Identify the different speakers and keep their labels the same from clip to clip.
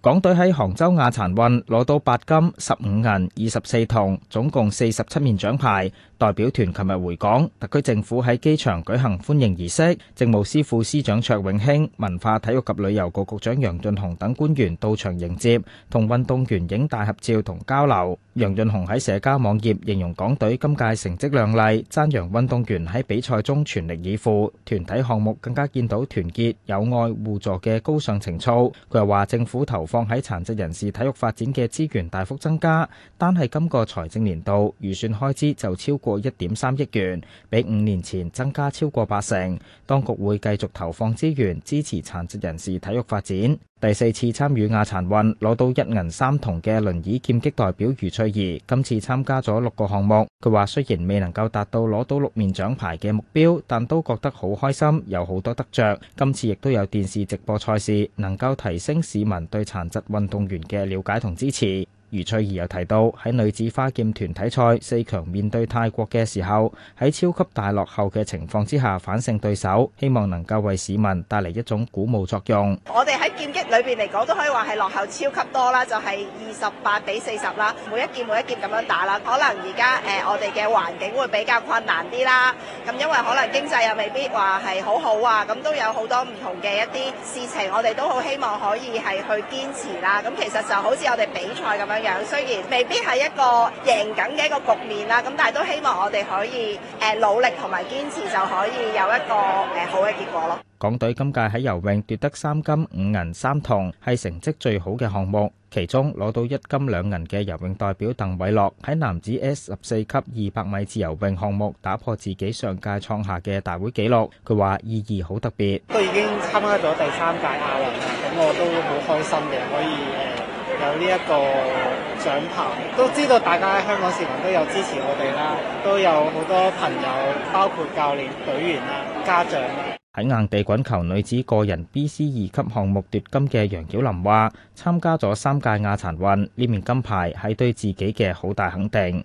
Speaker 1: 港隊喺杭州亞殘運攞到八金、十五銀、二十四銅，總共四十七面獎牌。代表團琴日回港，特區政府喺機場舉行歡迎儀式，政務司副司長卓永興、文化體育及旅遊局局長楊潤雄等官員到場迎接，同運動員影大合照同交流。楊潤雄喺社交網頁形容港隊今屆成績亮麗，讚揚運動員喺比賽中全力以赴，團體項目更加見到團結、友愛、互助嘅高尚情操。佢又話，政府投放喺殘疾人士體育發展嘅資源大幅增加，單係今個財政年度預算開支就超過一點三億元，比五年前增加超過八成。當局會繼續投放資源支持殘疾人士體育發展。第四次參與亞殘運，攞到一銀三銅嘅輪椅劍擊代表余翠怡，今次參加咗六個項目。佢話雖然未能夠達到攞到六面獎牌嘅目標，但都覺得好開心，有好多得着。今次亦都有電視直播賽事，能夠提升市民對殘疾運動員嘅了解同支持。余翠怡又提到喺女子花劍團體賽四強面對泰國嘅時候，喺超級大落後嘅情況之下反勝對手，希望能夠為市民帶嚟一種鼓舞作用。
Speaker 2: 我哋喺劍擊裏邊嚟講，都可以話係落後超級多啦，就係二十八比四十啦，每一劍每一劍咁樣打啦。可能而家誒我哋嘅環境會比較困難啲啦，咁因為可能經濟又未必話係好好啊，咁都有好多唔同嘅一啲事情，我哋都好希望可以係去堅持啦。咁其實就好似我哋比賽咁樣。雖然未必係一個贏緊嘅一個局面啦，咁但係都希望我哋可以誒努力同埋堅持，就可以有一個誒好嘅結果
Speaker 1: 咯。港隊今屆喺游泳奪得三金五銀三銅，係成績最好嘅項目。其中攞到一金兩銀嘅游泳代表鄧偉樂喺男子 S 十四級二百米自由泳項目，打破自己上屆創下嘅大會紀錄。佢話意義好特別。都已經參加咗第三屆亞運，咁我都好開心嘅，可以誒。有呢一個獎牌，都知道大家喺香港市民都有支持我哋啦，都有好多朋友，包括教練、隊員啊、家長。喺硬地滾球女子個人 BC 二級項目奪金嘅楊曉琳話，參加咗三屆亞殘運，呢面金牌係對自己嘅好大肯定。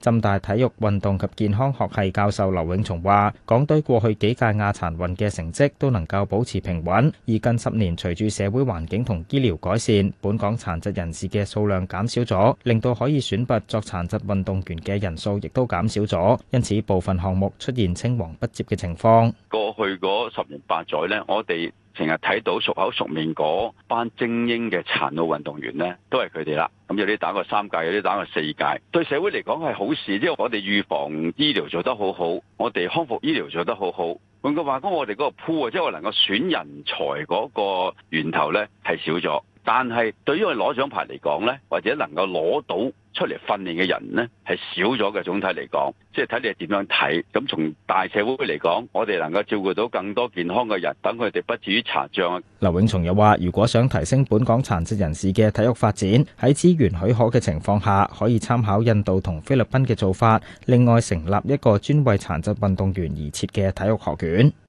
Speaker 1: 浸大體育運動及健康學系教授劉永松話，港隊過去幾屆亞殘運嘅成績都能夠保持平穩，而近十年隨住社會環境同醫療改善，本港殘疾人士嘅數量減少咗，令到可以選拔作殘疾運動員嘅人數亦都減少咗，因此部分項目出現青黃不接嘅情況。
Speaker 3: 過去嗰十年八載呢，我哋成日睇到熟口熟面嗰班精英嘅殘奧運動員呢，都係佢哋啦。咁有啲打過三屆，有啲打過四屆。對社會嚟講係好事，即係我哋預防醫療做得好好，我哋康復醫療做得好好。換句話講，我哋嗰個鋪啊，即係我能夠選人才嗰個源頭呢，係少咗。但係對於我攞獎牌嚟講呢，或者能夠攞到。出嚟訓練嘅人呢，係少咗嘅。總體嚟講，即係睇你點樣睇。咁從大社會嚟講，我哋能夠照顧到更多健康嘅人，等佢哋不至於殘障。
Speaker 1: 劉永松又話，如果想提升本港殘疾人士嘅體育發展，喺資源許可嘅情況下，可以參考印度同菲律賓嘅做法，另外成立一個專為殘疾運動員而設嘅體育學院。